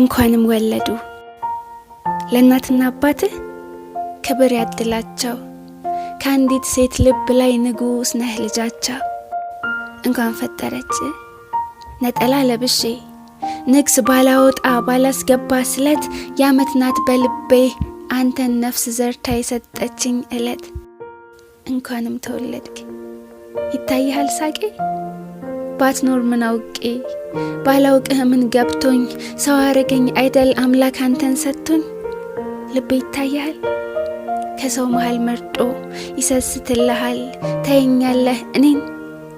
እንኳንም ወለዱ። ለእናትና አባትህ ክብር ያድላቸው። ከአንዲት ሴት ልብ ላይ ንጉሥ ነህ ልጃቸው። እንኳን ፈጠረች ነጠላ ለብሼ ንግስ ባላወጣ ባላስገባ ስለት የዓመት ናት በልቤ አንተን ነፍስ ዘርታ የሰጠችኝ እለት። እንኳንም ተወለድክ ይታይሃል ሳቄ ባትኖር ምን አውቄ ባላውቅህ ምን ገብቶኝ ሰው አረገኝ አይደል አምላክ አንተን ሰጥቶኝ ልቤ ይታያል ከሰው መሃል መርጦ ይሰስትልሃል ታየኛለህ እኔን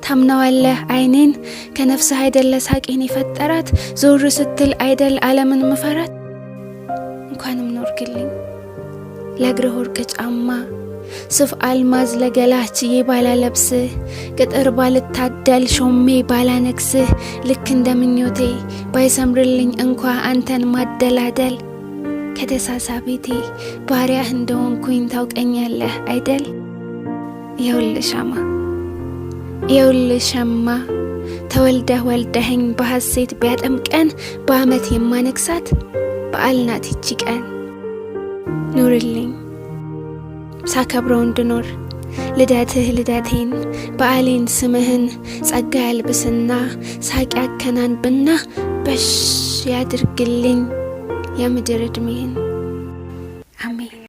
ታምነዋለህ አይኔን ከነፍስህ አይደለ ሳቄን የፈጠራት ዞር ስትል አይደል አለምን ምፈራት እንኳንም ኖርግልኝ ለእግርህ ወርቅ ጫማ ስፍ አልማዝ ለገላችዬ ባላለብስህ ቅጥር ባልታደል ሾሜ ባላነግስህ ልክ እንደ ምኞቴ ባይሰምርልኝ እንኳ አንተን ማደላደል ቤቴ ባሪያህ እንደሆንኩኝ ታውቀኛለህ አይደል? ይኸውልህ ሻማ የውል ሸማ ተወልደህ ወልደኸኝ በሐሴት ቢያጠምቀን በአመት የማነግሳት በዓል ናት ይቺ ቀን ኑርልኝ ሳከብረው እንድኖር ልደትህ ልደቴን በአሌን ስምህን ጸጋ ያልብስና ሳቂ ያከናንብና በሽ ያድርግልኝ የምድር ዕድሜህን አሜን።